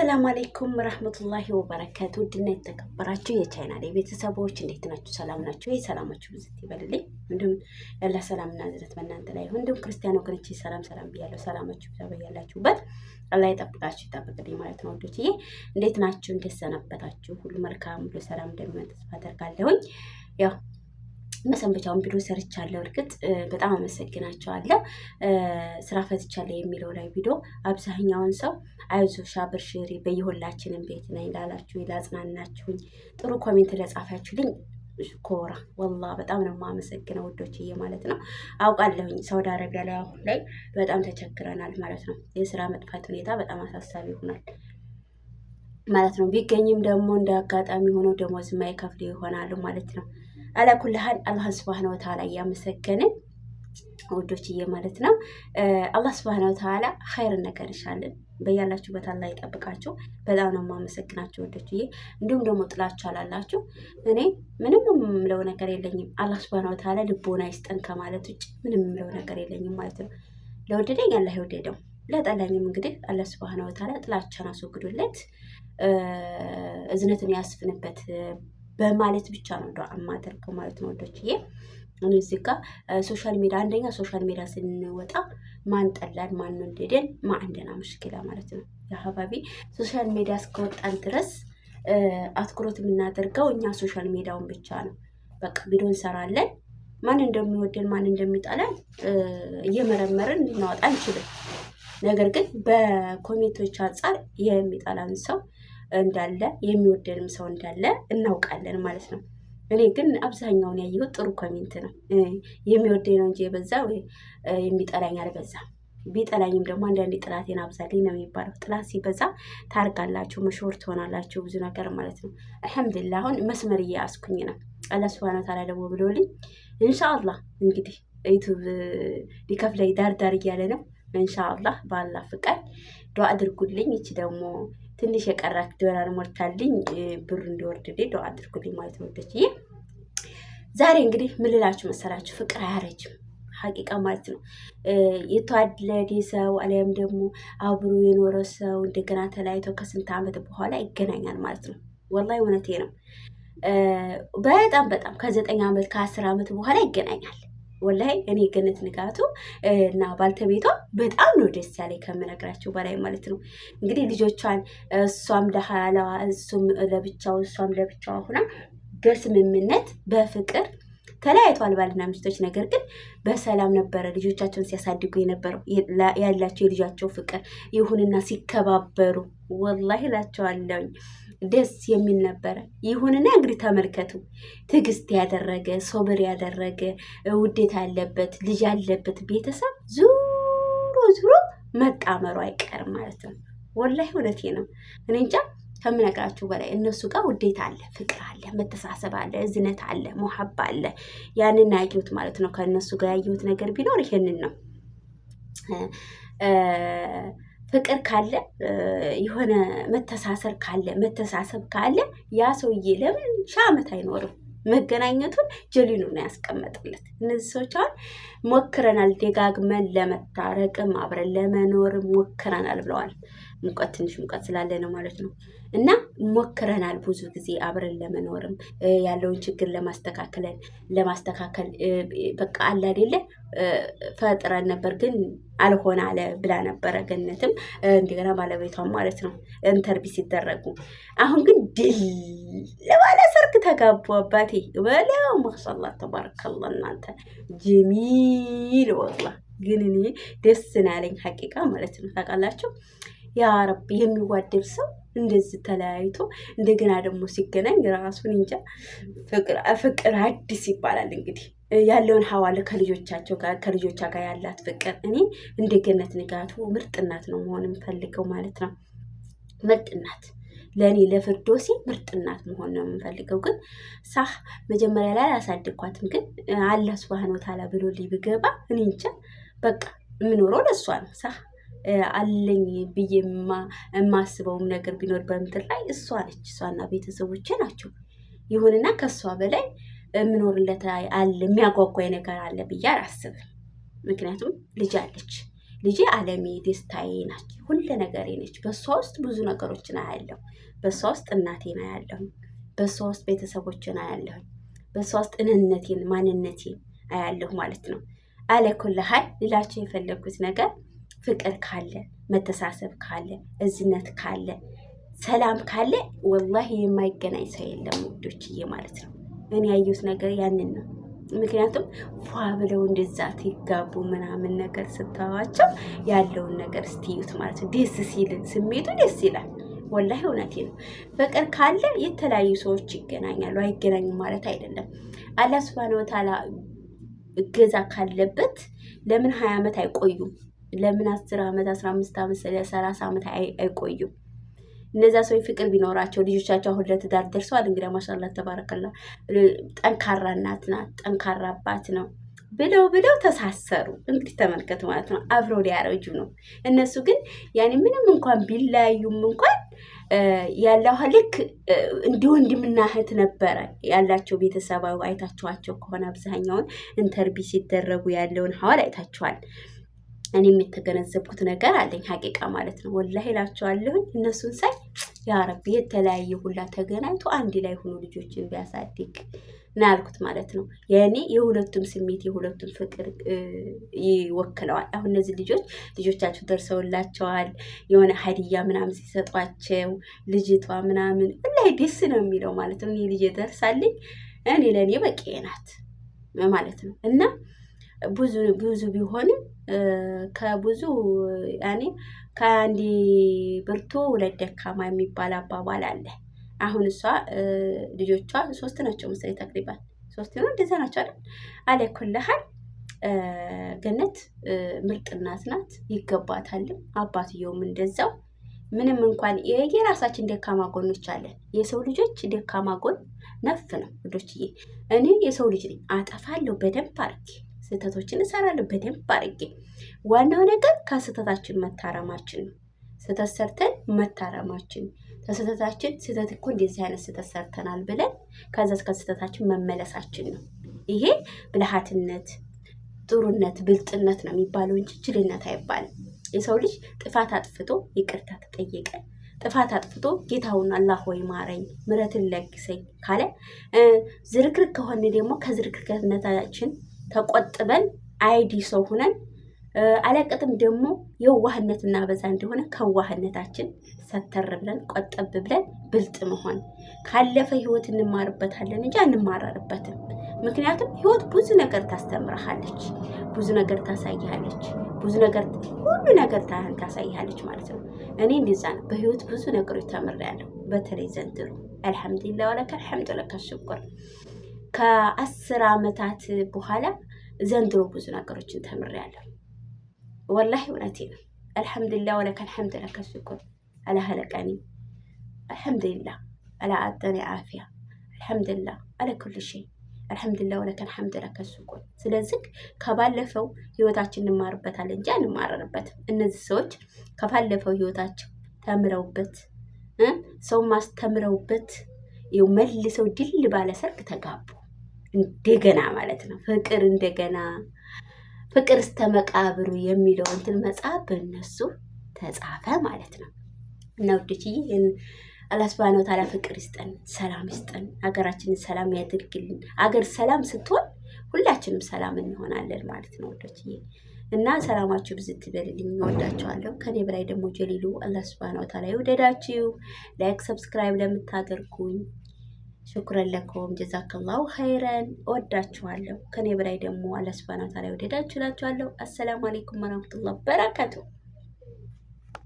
አሰላሙ አሌይኩም ረህመቱላሂ ወበረካቱ። ውድና የተከበራችሁ የቻይና ቤተሰቦች እንዴት ናችሁ? ሰላም ናችሁ? ይህ ሰላማችሁ ብዙ ይበልልኝ። እንዲሁም ያላ ሰላምና እዝነት በእናንተ ላይ ይሁን። እንዲሁም ክርስቲያን ወገኖች ሰላም ሰላም ብያለሁ። ሰላማችሁ ብዛ በያላችሁበት አላህ ይጠብቃችሁ ይጠብቅልኝ ማለት ነው ዬ እንዴት ናችሁ? እንደሰነበታችሁ? ሁሉ መልካም፣ ሁሉ ሰላም እንደሚሆን ተስፋ አደርጋለሁኝ ያው መሰንበቻውን ቪዲዮ ሰርቻለሁ። እርግጥ በጣም አመሰግናቸዋለሁ። ስራ ፈትቻለሁ የሚለው ላይ ቪዲዮ አብዛኛውን ሰው አይዞሽ አብርሽሪ በየሁላችንም ቤት ነኝ ላላችሁ ላጽናናችሁኝ፣ ጥሩ ኮሜንት ለጻፋችሁልኝ ኮራ ወላ በጣም ነው የማመሰግነው ውዶችዬ ማለት ነው። አውቃለሁኝ ሳውዲ አረቢያ ላይ አሁን ላይ በጣም ተቸግረናል ማለት ነው። የስራ መጥፋት ሁኔታ በጣም አሳሳቢ ይሆናል። ማለት ነው። ቢገኝም ደግሞ እንደ አጋጣሚ ሆኖ ደሞዝ የማይከፍል ይሆናሉ ማለት ነው። አላኩልሃል አላህን ስብሃነ ወተዓላ እያመሰገንን ውዶችዬ ማለት ነው። አላህ ስብሃነ ወተዓላ ኸይር ነገር ይሻልን በያላችሁበት አላህ ይጠብቃችሁ። በጣም ነው የማመሰግናችሁ ወዶችዬ። እንዲሁም ደግሞ ጥላችሁ አላላችሁ እኔ ምንም የምለው ነገር የለኝም። አላህ ስብሃነ ወተዓላ ልቦና ይስጠን ከማለት ውጭ ምንም የምለው ነገር የለኝም ማለት ነው። ለወደደኝ አላህ ይወደደው፣ ለጠላኝም እንግዲህ አላህ ስብሃነ ወተዓላ ጥላቻን አስወግዶለት እዝነትን ያስፍንበት በማለት ብቻ ነው ዱዓ የማደርገው ማለት ነው ወንዶች ይ እዚህ ጋ ሶሻል ሚዲያ አንደኛ ሶሻል ሚዲያ ስንወጣ ማን ጠላን ማን ወደደን ማ እንደና ሙሽኪላ ማለት ነው የአካባቢ ሶሻል ሚዲያ እስከወጣን ድረስ አትኩሮት የምናደርገው እኛ ሶሻል ሚዲያውን ብቻ ነው። በቃ ቪዲዮ እንሰራለን። ማን እንደሚወደን ማን እንደሚጣላን እየመረመርን ልናወጣ አንችልም። ነገር ግን በኮሜንቶች አንጻር የሚጠላን ሰው እንዳለ የሚወደንም ሰው እንዳለ እናውቃለን ማለት ነው። እኔ ግን አብዛኛውን ያየሁት ጥሩ ኮሜንት ነው። የሚወደኝ ነው እንጂ የበዛ ወይ የሚጠላኝ አልበዛ። ቢጠላኝም ደግሞ አንዳንዴ ጥላቴን አብዛልኝ ነው የሚባለው። ጥላት ሲበዛ ታርጋላችሁ፣ መሾር ትሆናላችሁ፣ ብዙ ነገር ማለት ነው። አልሐምዱሊላህ አሁን መስመር እየያዝኩኝ ነው። አላህ ሱብሃነሁ ወተዓላ ደግሞ ብሎልኝ ኢንሻአላህ እንግዲህ ዩቱብ ሊከፍለኝ ዳርዳር እያለ ነው። ኢንሻአላህ በአላህ ፍቃድ ዱዓ አድርጉልኝ። ይቺ ደግሞ ትንሽ የቀራክ ዶላር ሞልታልኝ ብሩ እንዲወርድልኝ ዶ አድርጉልኝ ማለት ነው። ወደችዬ ዛሬ እንግዲህ ምልላችሁ መሰላችሁ? ፍቅር አያረጅም ሀቂቃ ማለት ነው። የተዋለደ ሰው አሊያም ደግሞ አብሮ የኖረ ሰው እንደገና ተለያይተው ከስንት ዓመት በኋላ ይገናኛል ማለት ነው። ወላሂ እውነቴ ነው። በጣም በጣም ከዘጠኝ ዓመት ከአስር ዓመት በኋላ ይገናኛል። ወላይ እኔ ገነት ንጋቱ እና ባልተቤቷ በጣም ነው ደስ ያለኝ ከምነግራቸው በላይ ማለት ነው። እንግዲህ ልጆቿን እሷም ደሃላዋ እሱም ለብቻው እሷም ለብቻዋ ሁና በስምምነት በፍቅር ተለያይቷል ባልና ሚስቶች። ነገር ግን በሰላም ነበረ ልጆቻቸውን ሲያሳድጉ የነበረው ያላቸው የልጃቸው ፍቅር ይሁንና ሲከባበሩ ወላሂ እላቸዋለሁኝ። ደስ የሚል ነበረ። ይሁንና እንግዲህ ተመልከቱ፣ ትዕግስት ያደረገ ሶብር ያደረገ ውዴታ ያለበት ልጅ ያለበት ቤተሰብ ዙሮ ዙሮ መጣመሩ አይቀርም ማለት ነው። ወላሂ እውነቴ ነው። እኔ እንጃ ከምነግራችሁ በላይ እነሱ ጋር ውዴታ አለ፣ ፍቅር አለ፣ መተሳሰብ አለ፣ እዝነት አለ፣ ሞሀባ አለ። ያንን ያየሁት ማለት ነው። ከእነሱ ጋር ያየሁት ነገር ቢኖር ይህንን ነው። ፍቅር ካለ የሆነ መተሳሰር ካለ መተሳሰብ ካለ ያ ሰውዬ ለምን ሺህ ዓመት አይኖርም? መገናኘቱን ጀሊኑ ነው ያስቀመጥለት። እነዚህ ሰዎች አሁን ሞክረናል፣ ደጋግመን ለመታረቅም አብረን ለመኖርም ሞክረናል ብለዋል። ሙቀት ትንሽ ሙቀት ስላለ ነው ማለት ነው። እና ሞክረናል ብዙ ጊዜ አብረን ለመኖርም ያለውን ችግር ለማስተካከለን ለማስተካከል በቃ አለ አይደለ ፈጥረን ነበር፣ ግን አልሆነ አለ ብላ ነበረ ገነትም እንደገና ባለቤቷም ማለት ነው ኢንተርቪ ሲደረጉ። አሁን ግን ድል ለባለ ሰርግ ተጋቡ አባቴ በለው ማሻላ ተባረከላ። እናንተ ጅሚል ወላ ግን እኔ ደስ ናለኝ ሀቂቃ ማለት ነው ታውቃላችሁ። ያ ረቢ የሚዋደድ ሰው እንደዚህ ተለያይቶ እንደገና ደግሞ ሲገናኝ ራሱን እንጃ ፍቅር አዲስ ይባላል እንግዲህ ያለውን ሀዋለ ከልጆቻቸው ጋር ከልጆቿ ጋር ያላት ፍቅር እኔ እንደ ገነት ንጋቱ ምርጥ እናት ነው መሆን የምፈልገው ማለት ነው። ምርጥ እናት ለእኔ ለፍርዶሴ ምርጥ እናት መሆን ነው የምፈልገው። ግን ሳህ መጀመሪያ ላይ አላሳድግኳትም፣ ግን አላህ ሱብሃነሁ ወተዓላ ብሎልኝ ብገባ እኔ እንጃ በቃ የምኖረው ለእሷ ነው ሳህ አለኝ ብዬ የማስበውም ነገር ቢኖር በምድር ላይ እሷ ነች። እሷና ቤተሰቦቼ ናቸው። ይሁንና ከእሷ በላይ የምኖርለት አለ የሚያጓጓኝ ነገር አለ ብዬ አላስብም። ምክንያቱም ልጅ አለች። ልጅ አለሜ፣ ደስታዬ ናች፣ ሁለ ነገሬ ነች። በእሷ ውስጥ ብዙ ነገሮች አያለሁ። በእሷ ውስጥ እናቴን አያለሁ። በእሷ ውስጥ ቤተሰቦችን አያለሁ። በእሷ ውስጥ እንነቴን፣ ማንነቴን አያለሁ ማለት ነው። አለኩልሃል ልላቸው የፈለግኩት ነገር ፍቅር ካለ መተሳሰብ ካለ እዝነት ካለ ሰላም ካለ ወላሂ የማይገናኝ ሰው የለም ውዶችዬ ማለት ነው። እኔ ያየሁት ነገር ያንን ነው። ምክንያቱም ፏ ብለው እንደዛ ትጋቡ ምናምን ነገር ስታዋቸው ያለውን ነገር ስትዩት ማለት ነው ደስ ሲል ስሜቱ ደስ ይላል። ወላሂ እውነቴ ነው። ፍቅር ካለ የተለያዩ ሰዎች ይገናኛሉ። አይገናኙም ማለት አይደለም። አላህ ሱብሃነሁ ወተዓላ እገዛ ካለበት ለምን ሀያ ዓመት አይቆዩም? ለምን አስር ዓመት አስራ አምስት ዓመት ሰላሳ ዓመት አይቆዩም? እነዛ ሰዎች ፍቅር ቢኖራቸው ልጆቻቸው አሁን ለትዳር ደርሰዋል። እንግዲያ ማሻላ ተባረከላ፣ ጠንካራ እናት ናት፣ ጠንካራ አባት ነው ብለው ብለው ተሳሰሩ። እንግዲህ ተመልከቱ ማለት ነው አብረው ሊያረጁ ነው። እነሱ ግን ያኔ ምንም እንኳን ቢለያዩም እንኳን ያለው ልክ እንደ ወንድምና እህት ነበረ ያላቸው ቤተሰባዊ አይታችኋቸው ከሆነ አብዛኛውን ኢንተርቪው ሲደረጉ ያለውን ሀዋል አይታችኋል። እኔ የተገነዘብኩት ነገር አለኝ ሀቂቃ ማለት ነው። ወላሂ እላቸዋለሁኝ እነሱን ሳይ ያረቢ የተለያየ ሁላ ተገናኝቶ አንድ ላይ ሆኖ ልጆችን ቢያሳድግ ነው ያልኩት ማለት ነው። የእኔ የሁለቱም ስሜት የሁለቱም ፍቅር ይወክለዋል። አሁን እነዚህ ልጆች ልጆቻቸው ደርሰውላቸዋል የሆነ ሀዲያ ምናምን ሲሰጧቸው ልጅቷ ምናምን ላይ ደስ ነው የሚለው ማለት ነው። ልጅ ደርሳልኝ እኔ ለእኔ በቂ ናት ማለት ነው እና ብዙ ብዙ ቢሆንም ከብዙ ያኔ ከአንድ ብርቱ ሁለት ደካማ የሚባል አባባል አለ። አሁን እሷ ልጆቿ ሶስት ናቸው መሰለኝ ተቅሪባል ሶስት ነው እንደዛ ናቸው አይደል አለ ኩልሃል ገነት ምርጥ እናት ናት፣ ይገባታልም። አባትየውም እንደዛው ምንም እንኳን የየራሳችን ደካማ ጎኖች አለ። የሰው ልጆች ደካማ ጎን ነፍ ነው ልጆችዬ። እኔ የሰው ልጅ ነኝ፣ አጠፋለሁ በደንብ አድርጌ ስህተቶችን እሰራለሁ በደንብ አድርጌ። ዋናው ነገር ከስህተታችን መታረማችን ነው። ስህተት ሰርተን መታረማችን ከስህተታችን ስህተት እኮ እንደዚህ አይነት ስህተት ሰርተናል ብለን ከዛ እስከ ስህተታችን መመለሳችን ነው። ይሄ ብልሃትነት፣ ጥሩነት፣ ብልጥነት ነው የሚባለው እንጂ ችልነት አይባልም። የሰው ልጅ ጥፋት አጥፍቶ ይቅርታ ተጠየቀ ጥፋት አጥፍቶ ጌታውን አላህ ወይ ማረኝ፣ ምረትን ለግሰኝ ካለ ዝርክርክ ከሆነ ደግሞ ከዝርክርክነታችን ተቆጥበን አይዲ ሰው ሆነን አለቅጥም ደግሞ የዋህነት እና በዛ እንደሆነ ከዋህነታችን ሰተር ብለን ቆጠብ ብለን ብልጥ መሆን ካለፈ ህይወት እንማርበታለን እንጂ አንማራርበትም። ምክንያቱም ህይወት ብዙ ነገር ታስተምረሃለች፣ ብዙ ነገር ታሳይሃለች፣ ብዙ ነገር ሁሉ ነገር ታህን ታሳይሃለች ማለት ነው። እኔ እንደዛ ነው። በህይወት ብዙ ነገሮች ተምሬያለሁ። በተለይ ዘንድሮ አልሐምዱሊላህ ወለከ አልሐምዱ ለከ ሽኩር ከአስር ዓመታት በኋላ ዘንድሮ ብዙ ነገሮችን ተምሬያለሁ። ወላሂ እውነቴ ነው። አልሐምዱላ ወለከ አልሐምድ ለከ ሽኩር አላ ኸለቀኒ አልሐምዱሊላ አላ አጠኒ ዓፊያ አልሐምዱላ አለ ኩል ሸይ አልሐምዱላ ወለከ አልሐምድ ለከ ሽኩር። ስለዚህ ከባለፈው ህይወታችን እንማርበታለን እንጂ አንማረርበትም። እነዚህ ሰዎች ከባለፈው ህይወታቸው ተምረውበት ሰው ማስተምረውበት ይኸው መልሰው ድል ባለ ሰርግ ተጋቡ። እንደገና ማለት ነው። ፍቅር እንደገና ፍቅር እስከ መቃብሩ የሚለው እንትን መጽሐፍ በእነሱ ተጻፈ ማለት ነው። እና ውዶችዬ ይህን አላህ ሱብሃነሁ ወተዓላ ፍቅር ይስጠን፣ ሰላም ይስጠን፣ ሀገራችንን ሰላም ያድርግልን። አገር ሰላም ስትሆን ሁላችንም ሰላም እንሆናለን ማለት ነው ውዶችዬ። እና ሰላማችሁ ብዙ ትበልልኝ። እወዳችኋለሁ። ከኔ በላይ ደግሞ ጀሊሉ አላህ ሱብሃነሁ ወተዓላ ይውደዳችሁ። ላይክ ሰብስክራይብ ለምታደርጉኝ ሽኩረን ለኩም ጀዛክላሁ ኸይረን። እወዳችኋለሁ። ከኔ በላይ ደግሞ አላህ ሱብሃነሁ ወተዓላ ይውደዳችሁ አሰላሙ አለይኩም ወራህመቱላሂ በረከቱ